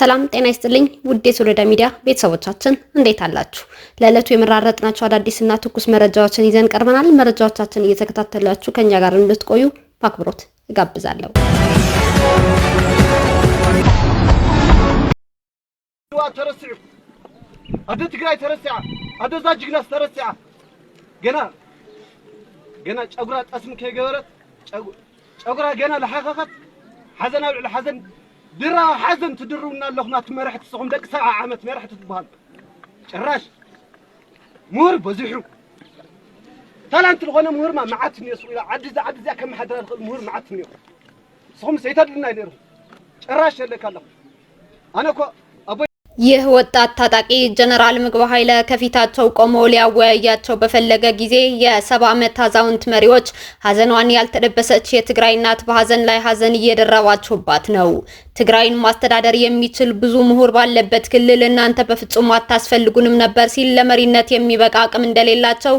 ሰላም ጤና ይስጥልኝ ውዴ የሶሎዳ ሚዲያ ቤተሰቦቻችን እንዴት አላችሁ? ለዕለቱ የመራረጥናቸው አዳዲስና ትኩስ መረጃዎችን ይዘን ቀርበናል። መረጃዎቻችን እየተከታተላችሁ ከኛ ጋር እንድትቆዩ በአክብሮት እጋብዛለሁ። አደ ትግራይ ተረሲዓ አደ እዛ ጅግናስ ተረሲዓ ገና ገና ጨጉራ ጠስም ከይገበረት ጨጉራ ገና ለሓኸኸት ሓዘን ኣብ ልዕሊ ሓዘን ድራ ሓዘን ትድርውና ኣለኹም ኣቲ መራሕቲ ስኹም ደቂ ሰብዓ ዓመት መራሕቲ ትበሃል ጭራሽ ምሁር በዚሑ ታላንት ዝኾነ ምሁር ማ መዓት እኒሱ ኢላ ዓዲ ዛ ዓዲ እዚኣ ከመሓድራ ዝኽእል ምሁር መዓት እኒኹ ንስኹም ሰይተድልና ነይርኹም ጭራሽ የለካ ኣለኹም ኣነ ኮ ይህ ወጣት ታጣቂ ጀነራል ምግበ ኃይለ ከፊታቸው ቆሞ ሊያወያያቸው በፈለገ ጊዜ የሰባ ዓመት አዛውንት መሪዎች ሀዘኗን ያልተደበሰች የትግራይ እናት በሀዘን ላይ ሀዘን እየደረባችሁባት ነው። ትግራይን ማስተዳደር የሚችል ብዙ ምሁር ባለበት ክልል እናንተ በፍጹም አታስፈልጉንም ነበር ሲል ለመሪነት የሚበቃ አቅም እንደሌላቸው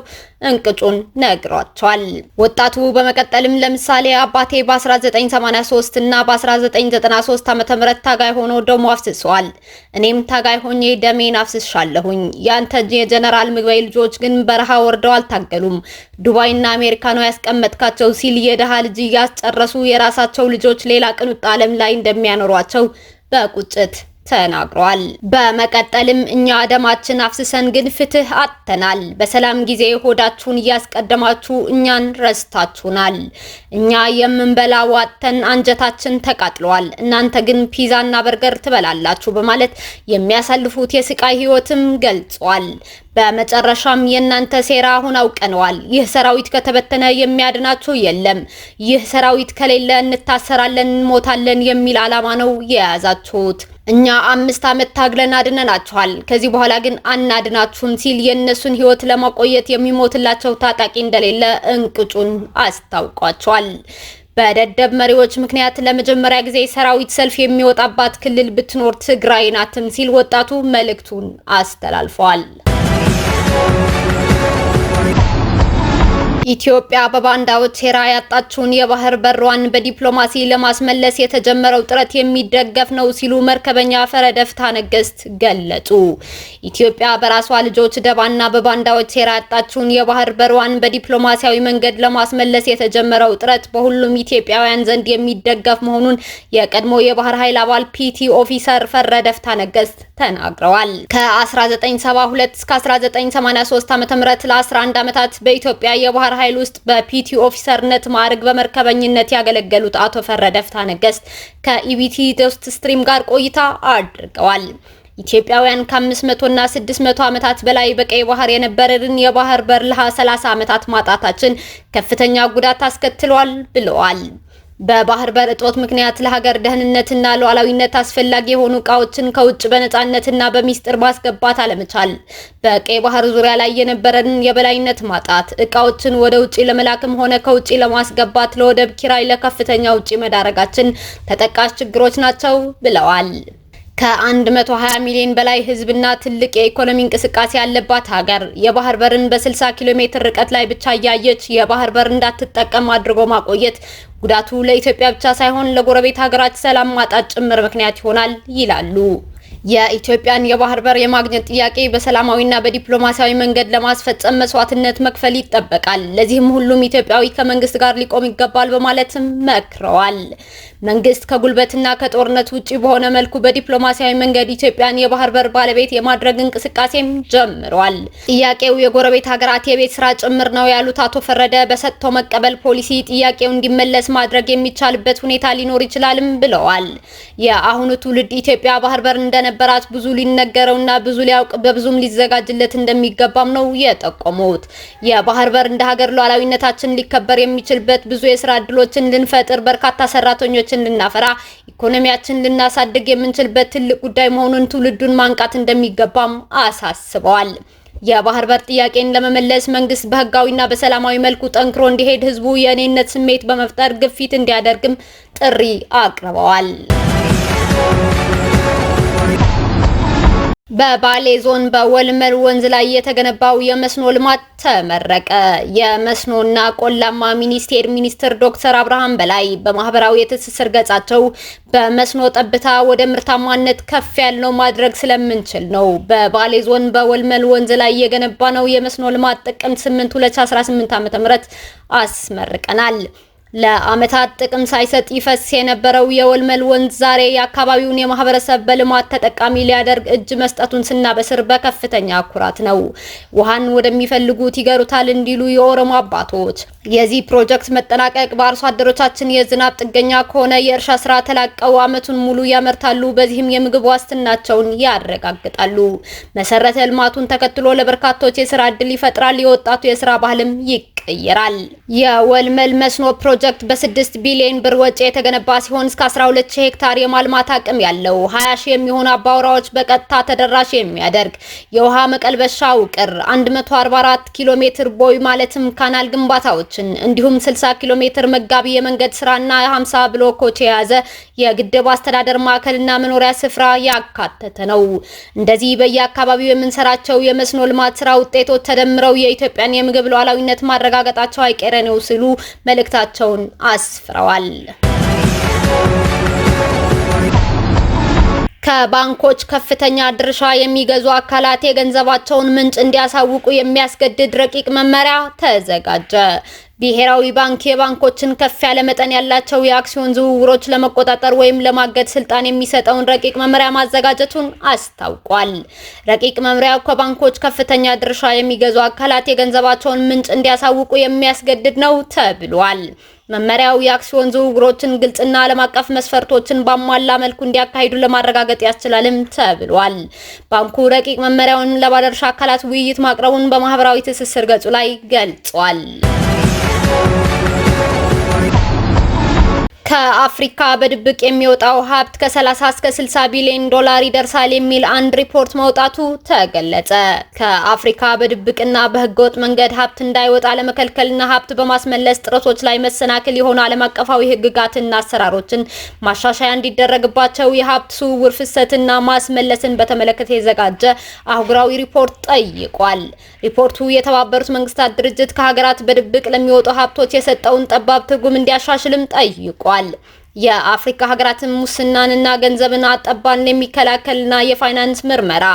እንቅጩን ነግሯቸዋል። ወጣቱ በመቀጠልም ለምሳሌ አባቴ በ1983 እና በ1993 ዓ.ም ታጋይ ሆኖ ደሞ አፍስሰዋል። እኔም ታጋይ ሆኜ ደሜን አፍስሻለሁኝ። ያንተ የጀነራል ምግበይ ልጆች ግን በረሃ ወርደው አልታገሉም። ዱባይና አሜሪካ ነው ያስቀመጥካቸው ሲል የደሃ ልጅ እያስጨረሱ የራሳቸው ልጆች ሌላ ቅንጡ ዓለም ላይ እንደሚያኖሩ ሲያወሯቸው በቁጭት ተናግሯል። በመቀጠልም እኛ ደማችን አፍስሰን ግን ፍትህ አጥተናል። በሰላም ጊዜ ሆዳችሁን እያስቀደማችሁ እኛን ረስታችሁናል። እኛ የምንበላ ዋጥተን አንጀታችን ተቃጥሏል። እናንተ ግን ፒዛና በርገር ትበላላችሁ በማለት የሚያሳልፉት የስቃይ ህይወትም ገልጿል። በመጨረሻም የእናንተ ሴራ አሁን አውቀነዋል። ይህ ሰራዊት ከተበተነ የሚያድናችሁ የለም። ይህ ሰራዊት ከሌለ እንታሰራለን፣ እንሞታለን የሚል ዓላማ ነው የያዛችሁት። እኛ አምስት ዓመት ታግለን አድነናችኋል፣ ከዚህ በኋላ ግን አናድናችሁም ሲል የእነሱን ህይወት ለማቆየት የሚሞትላቸው ታጣቂ እንደሌለ እንቅጩን አስታውቋቸዋል። በደደብ መሪዎች ምክንያት ለመጀመሪያ ጊዜ ሰራዊት ሰልፍ የሚወጣባት ክልል ብትኖር ትግራይ ናትም ሲል ወጣቱ መልእክቱን አስተላልፈዋል። ኢትዮጵያ በባንዳዎች ሴራ ያጣችውን የባህር በሯን በዲፕሎማሲ ለማስመለስ የተጀመረው ጥረት የሚደገፍ ነው ሲሉ መርከበኛ ፈረደፍታ ነገስት ገለጹ። ኢትዮጵያ በራሷ ልጆች ደባና በባንዳዎች ሴራ ያጣችውን የባህር በሯን በዲፕሎማሲያዊ መንገድ ለማስመለስ የተጀመረው ጥረት በሁሉም ኢትዮጵያውያን ዘንድ የሚደገፍ መሆኑን የቀድሞ የባህር ኃይል አባል ፒቲ ኦፊሰር ፈረደፍታ ነገስት ተናግረዋል። ከ1972 እስከ 1983 ዓ.ም ለ11 ዓመታት በኢትዮጵያ የባህር ባህር ኃይል ውስጥ በፒቲ ኦፊሰርነት ማዕረግ በመርከበኝነት ያገለገሉት አቶ ፈረደ ፍታ ነገስት ከኢቢቲ ዶስት ስትሪም ጋር ቆይታ አድርገዋል። ኢትዮጵያውያን ከ500 እና 600 ዓመታት በላይ በቀይ ባህር የነበረን የባህር በር ለ30 ዓመታት ማጣታችን ከፍተኛ ጉዳት አስከትሏል ብለዋል። በባህር በር እጦት ምክንያት ለሀገር ደህንነትና ሉዓላዊነት አስፈላጊ የሆኑ እቃዎችን ከውጭ በነፃነትና በሚስጥር ማስገባት አለመቻል፣ በቀይ ባህር ዙሪያ ላይ የነበረን የበላይነት ማጣት፣ እቃዎችን ወደ ውጭ ለመላክም ሆነ ከውጭ ለማስገባት ለወደብ ኪራይ ለከፍተኛ ውጪ መዳረጋችን ተጠቃሽ ችግሮች ናቸው ብለዋል። ከ120 ሚሊዮን በላይ ህዝብና ትልቅ የኢኮኖሚ እንቅስቃሴ ያለባት ሀገር የባህር በርን በ60 ኪሎ ሜትር ርቀት ላይ ብቻ እያየች የባህር በር እንዳትጠቀም አድርጎ ማቆየት ጉዳቱ ለኢትዮጵያ ብቻ ሳይሆን ለጎረቤት ሀገራት ሰላም ማጣት ጭምር ምክንያት ይሆናል ይላሉ። የኢትዮጵያን የባህር በር የማግኘት ጥያቄ በሰላማዊና በዲፕሎማሲያዊ መንገድ ለማስፈጸም መስዋዕትነት መክፈል ይጠበቃል። ለዚህም ሁሉም ኢትዮጵያዊ ከመንግስት ጋር ሊቆም ይገባል በማለትም መክረዋል። መንግስት ከጉልበትና ከጦርነት ውጪ በሆነ መልኩ በዲፕሎማሲያዊ መንገድ ኢትዮጵያን የባህር በር ባለቤት የማድረግ እንቅስቃሴም ጀምሯል። ጥያቄው የጎረቤት ሀገራት የቤት ስራ ጭምር ነው ያሉት አቶ ፈረደ በሰጥቶ መቀበል ፖሊሲ ጥያቄው እንዲመለስ ማድረግ የሚቻልበት ሁኔታ ሊኖር ይችላልም ብለዋል። የአሁኑ ትውልድ ኢትዮጵያ ባህር በር እንደነ ስለነበራት ብዙ ሊነገረውና ብዙ ሊያውቅ በብዙም ሊዘጋጅለት እንደሚገባም ነው የጠቆሙት። የባህር በር እንደ ሀገር ሉዓላዊነታችን ሊከበር የሚችልበት ብዙ የስራ እድሎችን ልንፈጥር፣ በርካታ ሰራተኞችን ልናፈራ፣ ኢኮኖሚያችን ልናሳድግ የምንችልበት ትልቅ ጉዳይ መሆኑን ትውልዱን ማንቃት እንደሚገባም አሳስበዋል። የባህር በር ጥያቄን ለመመለስ መንግስት በህጋዊና በሰላማዊ መልኩ ጠንክሮ እንዲሄድ ህዝቡ የእኔነት ስሜት በመፍጠር ግፊት እንዲያደርግም ጥሪ አቅርበዋል። በባሌ ዞን በወልመል ወንዝ ላይ የተገነባው የመስኖ ልማት ተመረቀ። የመስኖና ቆላማ ሚኒስቴር ሚኒስትር ዶክተር አብርሃም በላይ በማህበራዊ የትስስር ገጻቸው በመስኖ ጠብታ ወደ ምርታማነት ከፍ ያለው ማድረግ ስለምንችል ነው፣ በባሌ ዞን በወልመል ወንዝ ላይ የገነባ ነው የመስኖ ልማት ጥቅምት 8 2018 ዓ.ም አስመርቀናል። ለአመታት ጥቅም ሳይሰጥ ይፈስ የነበረው የወልመል ወንዝ ዛሬ የአካባቢውን የማህበረሰብ በልማት ተጠቃሚ ሊያደርግ እጅ መስጠቱን ስናበስር በከፍተኛ ኩራት ነው። ውሃን ወደሚፈልጉት ይገሩታል እንዲሉ የኦሮሞ አባቶች የዚህ ፕሮጀክት መጠናቀቅ በአርሶ አደሮቻችን የዝናብ ጥገኛ ከሆነ የእርሻ ስራ ተላቀው ዓመቱን ሙሉ ያመርታሉ። በዚህም የምግብ ዋስትናቸውን ያረጋግጣሉ። መሰረተ ልማቱን ተከትሎ ለበርካቶች የስራ እድል ይፈጥራል። የወጣቱ የስራ ባህልም ይቅ ይቀየራል። የወልመል መስኖ ፕሮጀክት በ6 ቢሊዮን ብር ወጪ የተገነባ ሲሆን እስከ 120 ሄክታር የማልማት አቅም ያለው 20 ሺህ የሚሆኑ አባውራዎች በቀጥታ ተደራሽ የሚያደርግ የውሃ መቀልበሻ ውቅር 144 ኪሎ ሜትር ቦይ ማለትም ካናል ግንባታዎችን እንዲሁም 60 ኪሎ ሜትር መጋቢ የመንገድ ስራና 50 ብሎኮች የያዘ የግድብ አስተዳደር ማዕከልና መኖሪያ ስፍራ ያካተተ ነው። እንደዚህ በየአካባቢው የምንሰራቸው የመስኖ ልማት ስራ ውጤቶች ተደምረው የኢትዮጵያን የምግብ ሉዓላዊነት ማረጋ ማረጋገጣቸው አይቀሬ ነው ሲሉ መልእክታቸውን አስፍረዋል። ከባንኮች ከፍተኛ ድርሻ የሚገዙ አካላት የገንዘባቸውን ምንጭ እንዲያሳውቁ የሚያስገድድ ረቂቅ መመሪያ ተዘጋጀ። ብሔራዊ ባንክ የባንኮችን ከፍ ያለ መጠን ያላቸው የአክሲዮን ዝውውሮች ለመቆጣጠር ወይም ለማገድ ስልጣን የሚሰጠውን ረቂቅ መመሪያ ማዘጋጀቱን አስታውቋል። ረቂቅ መመሪያው ከባንኮች ከፍተኛ ድርሻ የሚገዙ አካላት የገንዘባቸውን ምንጭ እንዲያሳውቁ የሚያስገድድ ነው ተብሏል። መመሪያው የአክሲዮን ዝውውሮችን ግልጽና ዓለም አቀፍ መስፈርቶችን ባሟላ መልኩ እንዲያካሂዱ ለማረጋገጥ ያስችላልም ተብሏል። ባንኩ ረቂቅ መመሪያውን ለባለድርሻ አካላት ውይይት ማቅረቡን በማህበራዊ ትስስር ገጹ ላይ ገልጿል። ከአፍሪካ በድብቅ የሚወጣው ሀብት ከ30 እስከ 60 ቢሊዮን ዶላር ይደርሳል የሚል አንድ ሪፖርት መውጣቱ ተገለጸ። ከአፍሪካ በድብቅና በህገወጥ መንገድ ሀብት እንዳይወጣ ለመከልከልና ሀብት በማስመለስ ጥረቶች ላይ መሰናክል የሆኑ ዓለም አቀፋዊ ህግጋትና አሰራሮችን ማሻሻያ እንዲደረግባቸው የሀብት ዝውውር ፍሰትና ማስመለስን በተመለከተ የዘጋጀ አህጉራዊ ሪፖርት ጠይቋል። ሪፖርቱ የተባበሩት መንግስታት ድርጅት ከሀገራት በድብቅ ለሚወጡ ሀብቶች የሰጠውን ጠባብ ትርጉም እንዲያሻሽልም ጠይቋል። ገልጸዋል። የአፍሪካ ሀገራትን ሙስናንና ገንዘብን አጠባን የሚከላከልና የፋይናንስ ምርመራ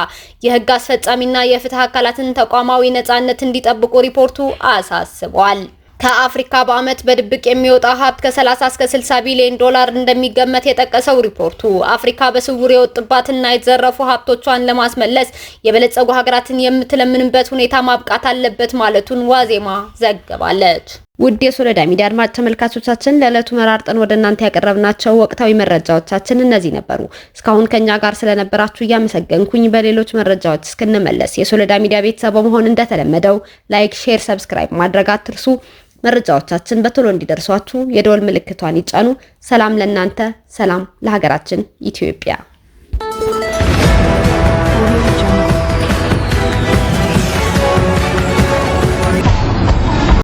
የህግ አስፈጻሚና የፍትህ አካላትን ተቋማዊ ነጻነት እንዲጠብቁ ሪፖርቱ አሳስቧል። ከአፍሪካ በአመት በድብቅ የሚወጣ ሀብት ከ30 እስከ 60 ቢሊዮን ዶላር እንደሚገመት የጠቀሰው ሪፖርቱ አፍሪካ በስውር የወጥባትና የተዘረፉ ሀብቶቿን ለማስመለስ የበለጸጉ ሀገራትን የምትለምንበት ሁኔታ ማብቃት አለበት ማለቱን ዋዜማ ዘግባለች። ውድ የሶለዳ ሚዲያ አድማጭ ተመልካቾቻችን ለዕለቱ መራርጠን ወደ እናንተ ያቀረብናቸው ወቅታዊ መረጃዎቻችን እነዚህ ነበሩ። እስካሁን ከኛ ጋር ስለነበራችሁ እያመሰገንኩኝ በሌሎች መረጃዎች እስክንመለስ የሶለዳ ሚዲያ ቤተሰብ በመሆን እንደተለመደው ላይክ፣ ሼር፣ ሰብስክራይብ ማድረግ አትርሱ። መረጃዎቻችን በቶሎ እንዲደርሷችሁ የደወል ምልክቷን ይጫኑ። ሰላም ለእናንተ፣ ሰላም ለሀገራችን ኢትዮጵያ።